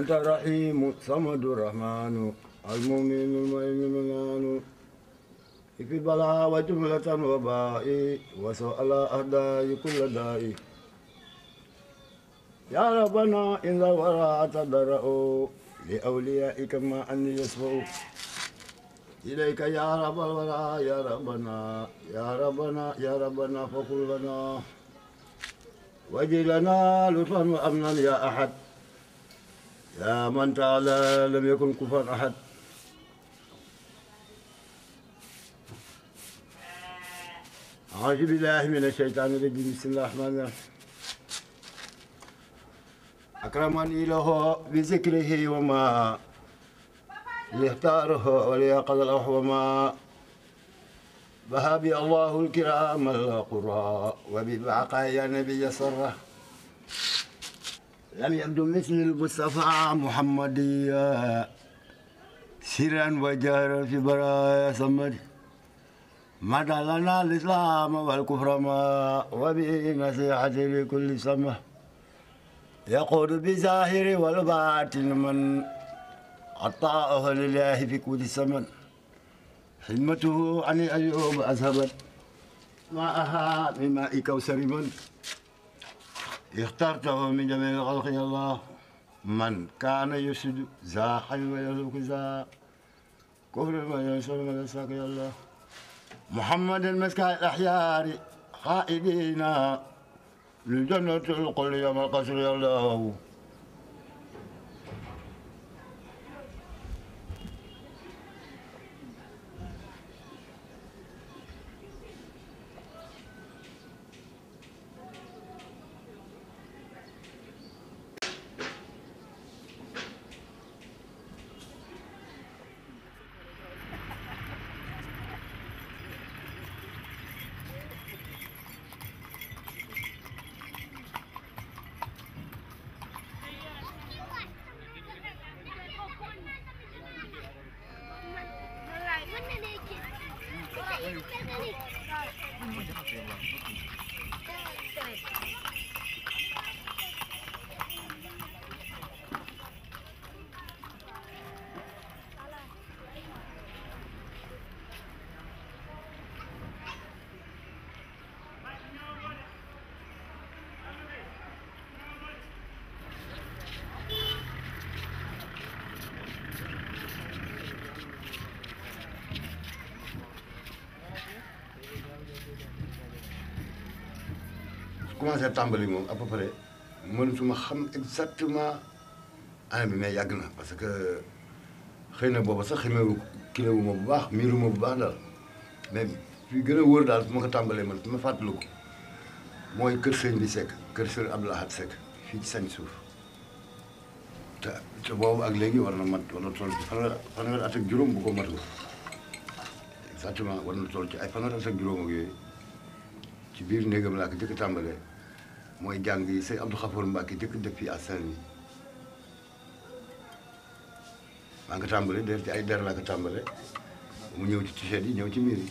أنت الرحيم الصمد الرحمن المؤمن المؤمن الآن في بلاء وجملة وباء وسؤال أهداء كل داء يا ربنا إن الورى تضرأوا لأوليائك ما أن يسفوا إليك يا رب الورى يا ربنا يا ربنا يا ربنا فقل لنا وجلنا لطفا وأمنا يا أحد لا من تعالى لم يكن كفا أحد أعوذ بالله من الشيطان الرجيم بسم الله الرحمن الرحيم أكرمني له بذكره وما ليختاره وليقضى له وما بها الله الكرام القراء وببعقايا نبي سره لم يبدو مثل المصطفى محمدية سرا وجهرا في برايا صمد مدى لنا الإسلام والكفر ما وبه نصيحة لكل سمة يقول بظاهر والباطن من عطاءه لله في كل سمن حلمته عن أيوب أذهبت ماءها بماء كوثر من اخترته من جميع الخلق يا الله من كان يسد ذا حي ويسلك ذا كفر وينصر ويسلك يا الله محمد المسكى الأحيار خائدين للجنة القل يوم القصر يا الله commencé à moom à peu près mën suma xam exactement ce que mais yàgg na parce que xëy na booba sax xameewu kilewu ma bu baax miiru ma bu baax daal mais fi gën a wóor daal su ma ko tàmbalee man su ma fàttaliku ko mooy kër sëñ bi Seck kër sëñ Abdou Lahad Seck fii ci sañ suuf te te boobu ak léegi war na mat war na toll ci fanweer at ak juróom bu ko matul exactement war na toll ci ay fanweer at ak juróom ak yooyu ci biir néegam laa ko jëkk tàmbalee mooy jàng yi sëñ Abdou Khafour Mbacke jëkk def fii à Saint-Louis maa ngi ko tàmbale def ci ay der laa ko tàmbale mu ñëw ci t-shirt yi ñëw ci miir yi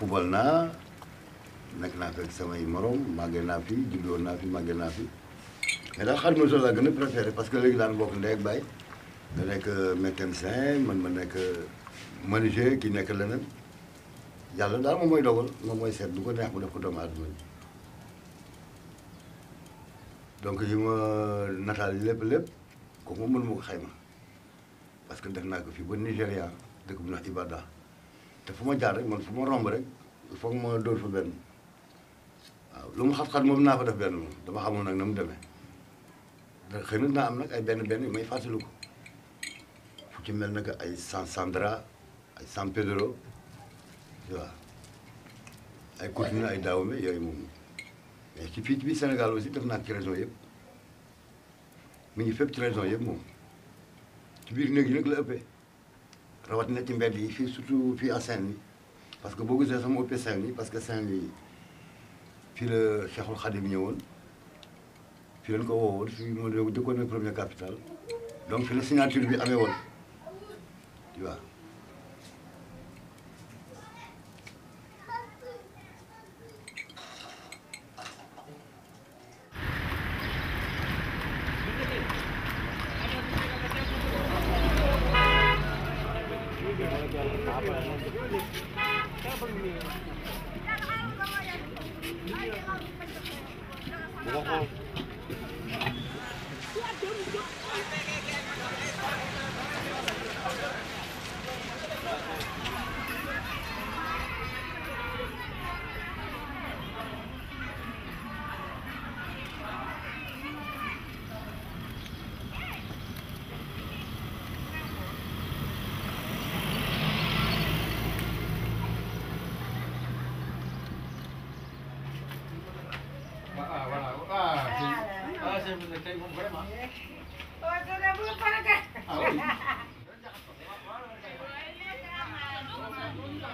fubal naa nekk naa fekk samay morom màggee naa fi jubloo naa fi màggee naa fi mais daal xaar moto laa gën a préféré parce que léegi daan bokk ndey ak baay nga nekk euh, mécanicien man ma nekk euh, menuisier ki nekk leneen yàlla daal moom mooy dogal moom mooy seet du ko neex mu def ko doomu aadama ji donc yi ma euh, nataal yi lépp lépp kooku moom ma parce que def naa ko fii ba Nigéria dëkk bu ñuy wax te fu ma jaar rek man fu ma romb rek foog ma dóor fa benn waaw lu mu xat-xat moom naa fa def benn moom dama xamul nag na mu demee te xëy na naa am nag ay benn benn yu may fàttaliku fu ci mel nag ay San Sandra ay San Pedro waaw ay Coutinho ay Dahomey yooyu moom mais ci fii ci biir Sénégal aussi def naa ci région yëpp mu ngi fépp ci région yëpp moom ci biir néeg yi nag la ëppee. rawatina ci mbedd yi fii surtout fii à Saint-Louis parce que boo gisee sama ëppee Saint-Louis parce que Saint-Louis fii la Cheikhul Khadim ñëwoon fii lañ ko woowoon fii moo dëkkoon premier capital donc fii la signature bi amee woon tu vois ここ。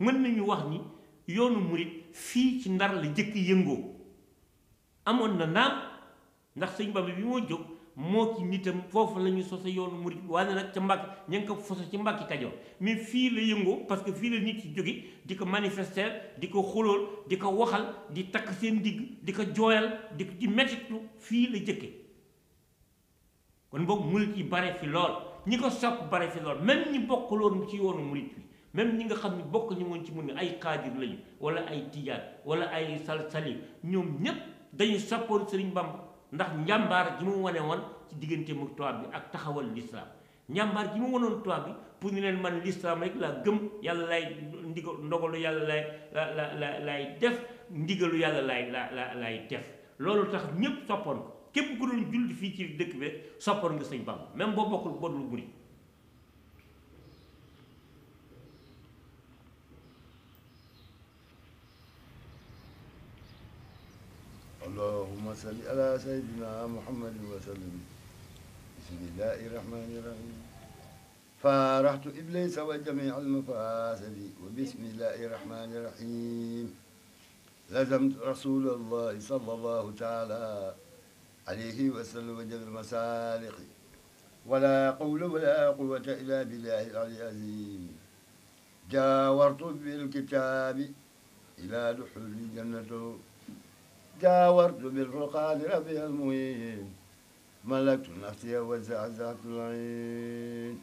mën nañu wax ni yoonu murit fii ci ndar la jëkk yëngoo amoon na naam ndax sëñ Bamba bi moo jóg moo ci nitam foofu la sose yoonu murit waaye nag ca Mbàkke ña ngi ko sose ci Mbàkke Kajoor mais fii la yëngoo parce que fii la nit ci jóge di ko manifester di ko xulóol di ko waxal di takk seen digg di ko jooyal di di mettitu fii la jëkke kon boog murit yi bare fi lool ñi ko sopp bare fi lool même ñi bokkuloon ci yoonu murit bi même ñi nga xam ne bokk ñu ci mun ni ay xaadir lañu wala ay tijaan wala ay salsali ñoom ñépp dañu sappoon Sëriñ Bamba ndax njàmbaar ji mu wane woon ci diggante mu tubaab bi ak taxawal lislaam njàmbaar ji mu wanoon tubaab bi pour ñu leen man lislaam rek laa gëm yàlla laay ndiga ndogalu yàlla laay la la laay def ndigalu yàlla laay la la def loolu tax ñépp soppoon ko képp ku doon julli fii ci dëkk bi rek soppoon nga sëñ Bamba même boo bokkul bodul guri صل على سيدنا محمد وسلم بسم الله الرحمن الرحيم فرحت إبليس وجميع المفاسد وبسم الله الرحمن الرحيم لزمت رسول الله صلى الله تعالى عليه وسلم وجل المسالق ولا قول ولا قوة إلا بالله العلي العظيم جاورت بالكتاب إلى دحول جنته جاورت بالفرقان ربي المهين ملكت نفسي وزعزعت العين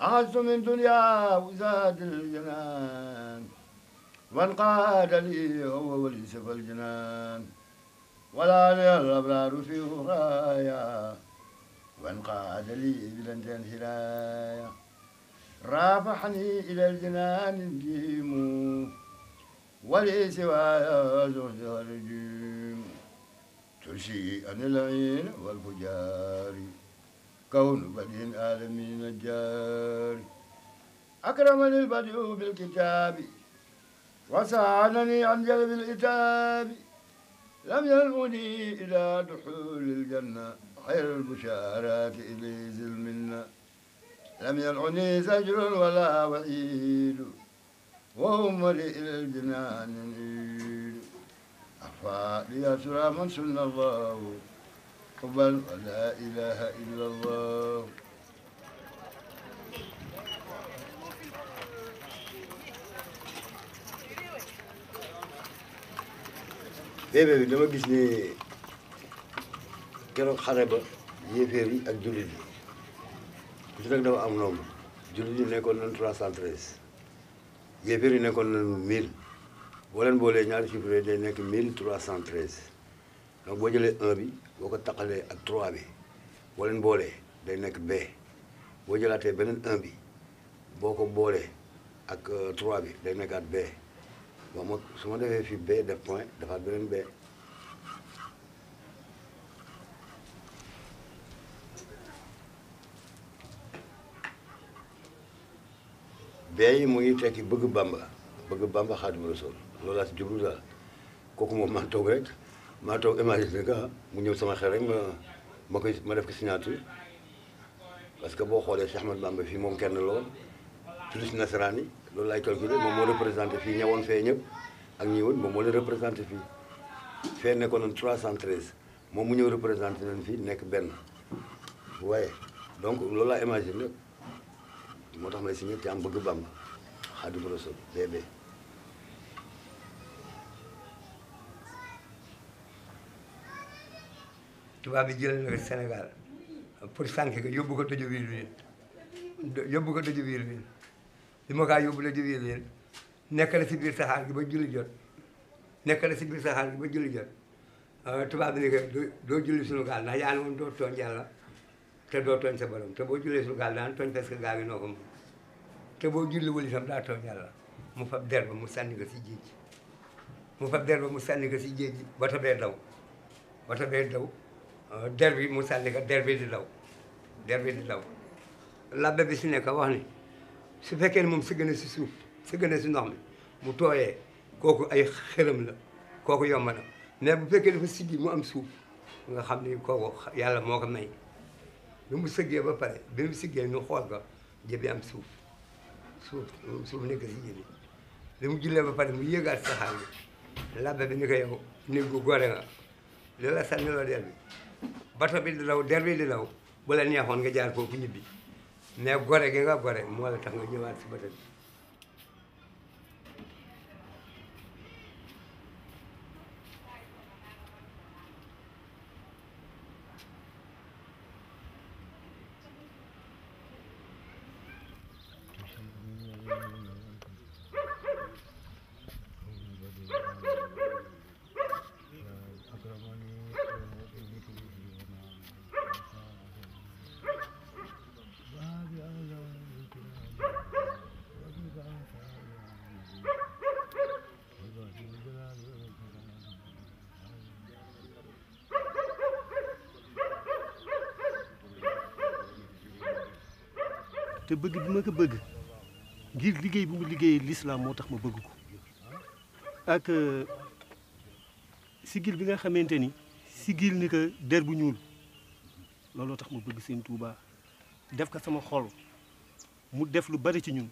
عزت من دنيا وزاد الجنان وانقاد لي هو واليسف الجنان ولا لي الأبرار في غرايا وانقاد لي بلند الهلايا رافحني إلى الجنان الجيمو وليس وزهر الجيم ترشي عن العين والفجار كون بدء العالمين الجار أكرمني البدء بالكتاب وساعدني عن جلب الإتاب لم يلمني إلى دخول الجنة خير البشارات إلي المنة لم يلعني زجر ولا وعيد وهم الجنان أفا لي أسرى من سن الله قبل ولا إله إلا الله بيبي لما قسني كانوا خربة يفيري أجدولي قلت لك أمنوم جولي نيكون نتراس أدريس yéefar yi nekkoon nañu 1000 boo leen boolee ñaari chiffres yi day nekk 1313 donc boo jëlee 1 bi boo ko taqalee ak trois bi boo leen boolee day nekk B boo jëlaatee beneen 1 bi boo ko boolee ak 3 euh, bi day nekkaat B bon ma su ma defee fii B def point defaat beneen B. bee mu ngi tekki bëgg bamba bëgg bamba xaadimu rasuul loolu laa si jublu daal kooku moom maa toog rek maa toog imagine nga mu ñëw sama xel rek ma ma koy ma def ko signature parce que boo xoolee Cheikh Ahmad Bamba fii moom kenn lool plus nasaraan yi loolu laay calculé moom moo représenté fii ñëwoon fee ñëpp ak ñi woon moo leen représenté fii fee nekkoon nañ 313 moom mu ñëw représenté nañ fii nekk benn waaye donc loolu laa imagine moo tax ma si ñëpp am bëgg Bamba Xaadimu Rasuul bébé tubaab bi jëlee na ko Sénégal pour sànq ko yóbbu ko tëju biir wiir yóbbu ko tëju biir biir li ma kaa yóbbu tëju biir biir nekk na si biir saxaar gi ba julli jot nekk si biir saxaar gi ba julli jot euh, tubaab bi ni ko doo julli sunu gaal ndax yaa ne doo tooñ yàlla te doo tooñ sa borom te boo jullee su gaal daan tooñ parce que gaal gi noo ko moom te boo julliwul itam daa tooñ yàlla mu fab der mu sànni ko si géej mu fab der mu sànni ko si géej wata bee daw wata bee daw euh, der mu sànni ko der di daw der bi si nekk wax ni su fekkee ne moom si gën si suuf si si ndox mi mu tooyee kooku ay xërëm la kooku yomb na mais bu fekkee dafa siddi mu am suuf nga xam ni kooku yàlla moo ko may bi mu sëggee ba pare bi mu siggee ñu xool ko bi am suuf suuf suuf nekk si jëbi bi mu jullee ba pare mu yéegaat saxaar bi labbe bi ni ko yow nit gu gore nga li la sànni loo der bi bato bi di der bi di daw bu la neexoon nga jaar foofu ñibbi mais gore gi nga gore moo la tax nga ñëwaat si bato bi te bëgg bi ma ko bëgg ngir liggéey bu mu liggéeyee lislaam moo tax ma bëgg ko ak euh, sigil bi nga xamante ni sigil ni ko der bu ñuul looloo tax ma bëgg sëñ Tuuba def ko sama xol mu def lu bari ci ñun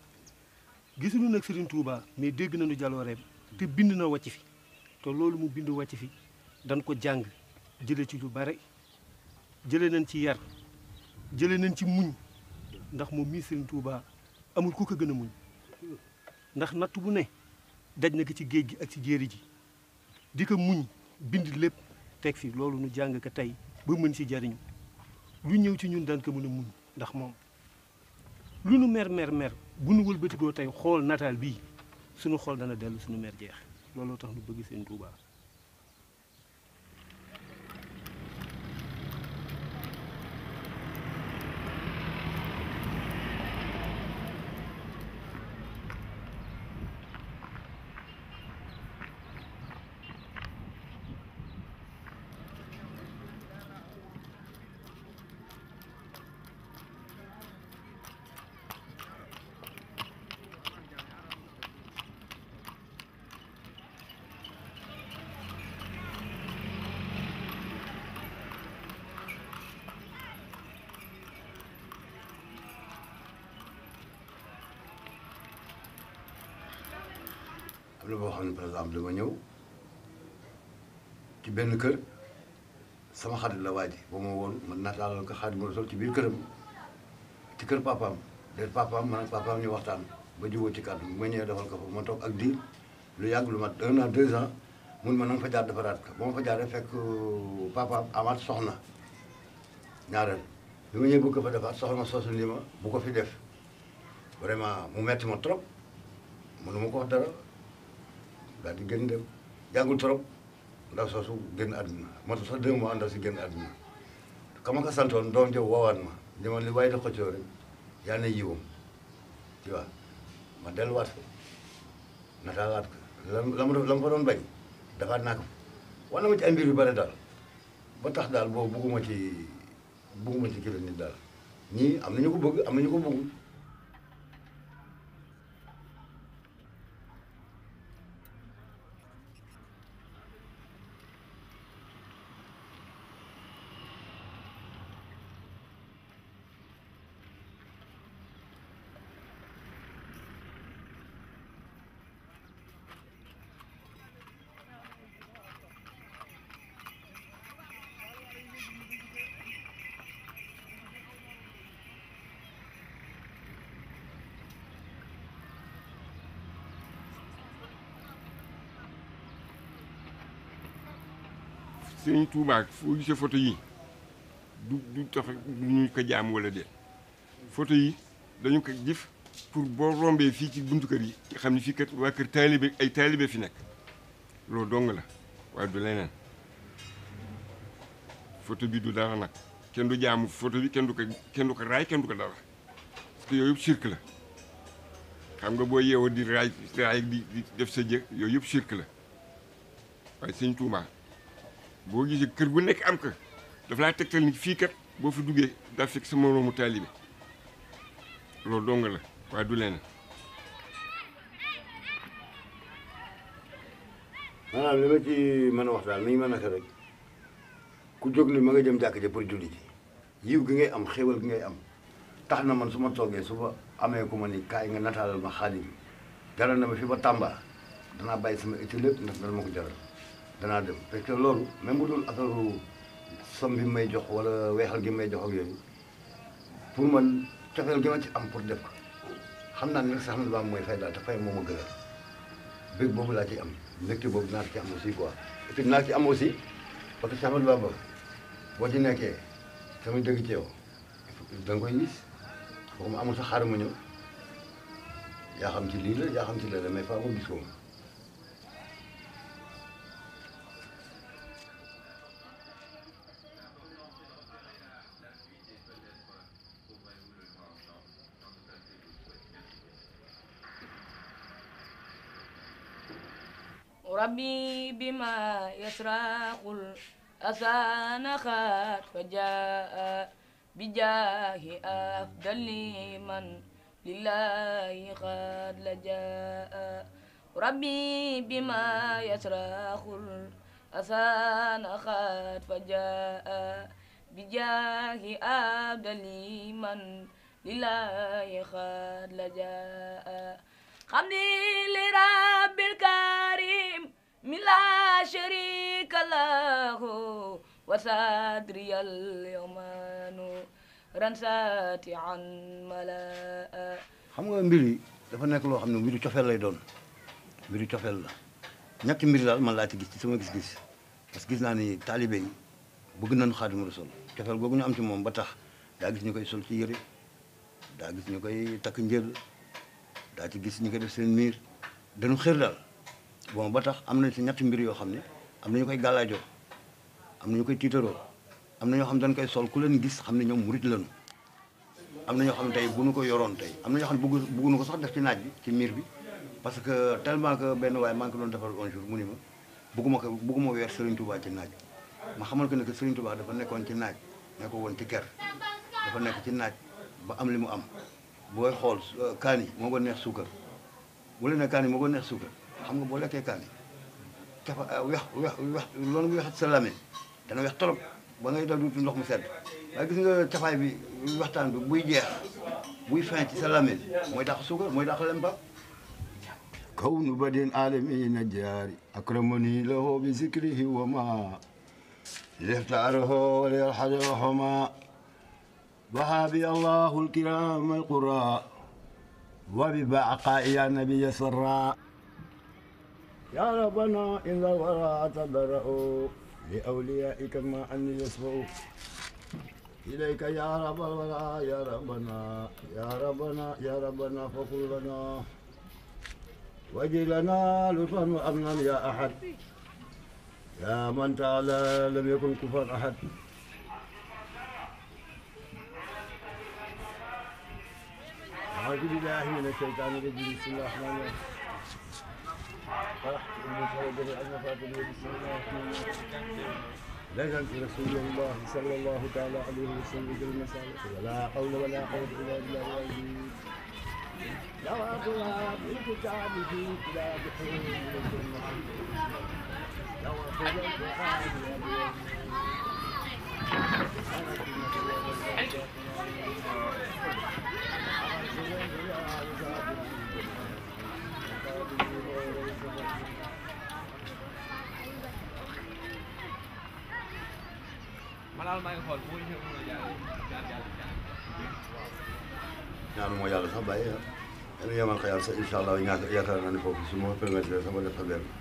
gisuñu nag Serigne Touba mais dégg nañu jalooreem te bind na wàcc fi te loolu mu bind wàcc fi dañ ko jàng jële ci lu bare jële nañ ci yar jële nañ ci muñ ndax moom mii Serigne Touba amul ku ko gën a muñ ndax natt bu ne daj na ko ci géej gi ak ci jéeri ji di ko muñ bind lépp teg fi loolu nu jàng ko tey ba mën si jariñu lu ñëw ci ñun daan ko mën a muñ ndax moom lu nu mer mer mer bu nu wëlbatigoo tey xool nataal bii sunu xool dana dellu suñu mer jeex looloo tax nu bëgg Serigne Touba am na boo xam ne par exemple dama ñëw ci benn kër sama xarit la waaj ba ma woon man nataalal ko Xaadimu Rasuul ci biir këram ci kër papaam léegi papaam ma ak papaam ñu waxtaan ba jubóo ci kàddu bu ma ñëwee defal ko fa ma toog ak diir lu yàgg lu mat un an deux ans mun ma na nga fa jaar ko ba ma fa jaaree fekk papaam amaat soxna ñaareel bi ma ñëwee bëgg ko fa defaat soxna soosu ni ma bu ko fi def vraiment mu metti ma trop mënu ko dara. daal di gën dem jàngul trop ndaw soosu génn àdduna moo tax sax deux mois ndaw si génn àdduna kama ko santoon doom jow ma li waaye da xëccoo rek yaa ne yiwam tu ma delluwaat ko nataalaat ko la la ma fa doon bañ dafaat naa ko wala ma ci ay mbir yu bare daal ba tax daal boo bugguma ci bugguma ci kilo nit daal ñii am na ñu ko bëgg am na ñu ko bëggul sëñ Touba foo gisee photo yi du du tax ñu ko jaam wala déet photo yi dañu ko jëf pour boo rombee fii ci buntu kër yi nga xam ne fii kat waa kër taalibe ay taalibe fi nekk loolu dong la waaye du leneen photo bi du dara nag kenn du jaamu photo bi kenn du ko kenn du ko raay kenn du ko dara parce que yooyu yëpp la xam nga boo yeewoo di raay raay di def sa jë yooyu yëpp cirque la waaye sëñ Touba. boo gisee kër gu nekk am ko daf laa tegtal ni fii kat boo fi duggee daa fekk sama moroomu taalibe loolu dong la waaye du leneen. maanaam li ma ci mën a wax daal mi ngi mën a rek ku jóg ni ma nga jëm jàkk ja pour julli ji yiw gi ngay am xéewal gi ngay am tax na man su ma toogee su ma amee ku ma ni kaay nga nataalal ma xaalis jaral na ma fi ba Tamba danaa bàyyi sama itti lépp ndax dana ma ko jaral. danaa dem parce que loolu même bu dul affaire somme bi may jox wala weexal gi may jox ak yooyu pour man cofeel gi ma ci am pour def ko xam naa ne sax na ba mooy fay daal te fay moo ma gënal bëgg boobu laa ciy am mbégte boobu naa ci am aussi quoi et puis naa ci am aussi parce que Cheikh Ahmadou Bamba boo ci nekkee tamit dëgg ci yow da nga koy gis kooku mu amul sax xaaral ma ñëw yaa xam ci lii la yaa xam ci lii la mais faa ko gis ko ربي بما يسرق الأسان خات فجاء بجاه أفضل من لله قد لجاء ربي بما يسرق الأسان خات فجاء بجاه أفضل من لله قد لجاء حمدي لرب الكريم من لا شريك له وصدري اليوم نورا ساتعا ملاء xam nga mbir yi dafa nekk loo xam ne mbiru cofeel lay doon mbiru cofeel la ñetti mbir daal malaa laa ci gis ci sama gis-gis parce que gis naa ni taalibe yi bëgg nañu xaadimu rasul cofeel googu ñu am ci moom ba tax daa gis ñu koy sol ci yëre daa gis ñu koy takk njël daa ci gis ñu koy def seen miir dañu xër daal bon ba tax am na si ñetti mbir yoo xam ne am na ñu koy gàllaajoo am na ñu koy tiitaroo am na ñoo xam dañ koy sol ku leen gis xam ne ñoom murit lañu am na ñoo xam ne tey bu nu ko yoroon tey am na ñoo xam ne bëgg bëgguñu ko sax def ci naaj bi ci miir bi parce que tellement que benn waaye maa ko doon defal un jour mu ni ma bëgguma ko bëgguma weer Serigne Touba ci naaj ma xamal ko ne que Serigne Touba dafa nekkoon ci naaj nekko woon ci ker dafa nekk ci naaj ba am li mu am booy xool euh, kaani moo ko neex suukar bu leen ne kaani moo ko neex suukar xam nga boo lekkee kaani dafa weex weex weex loolu muy weex sa làmmiñ dana weex trop ba ngay dal duutu ndox mu sedd waaye gis nga tafaay bi waxtaan bi buy jeex buy fin ci sa làmmiñ mooy dàq suukar mooy dàq lem ba كون بدين عالمين جاري أكرمني له بذكره وما ليختاره وليرحلهما وهابي الله الكرام القراء وببعقاء يا نبي سراء يا ربنا إن الورى تضرؤوا لأوليائك ما أن يسمعوا إليك يا رب الورى يا ربنا يا ربنا يا ربنا فقل لنا وجي لنا لطفا وأمنا يا أحد يا من تعالى لم يكن كفر أحد أعوذ بالله من الشيطان الرجيم بسم الله الرحمن الرحيم لجنت رسول الله صلى الله تعالى عليه وسلم في المسألة ولا حول ولا قوة إلا بالله لا أقول في كلاب حين من الجنة دواطها بالكتاب bàyyi ah. yéen a yemal xayal sax incha allah yaakaar naa ne foofu su ma permettre sama def fa benn.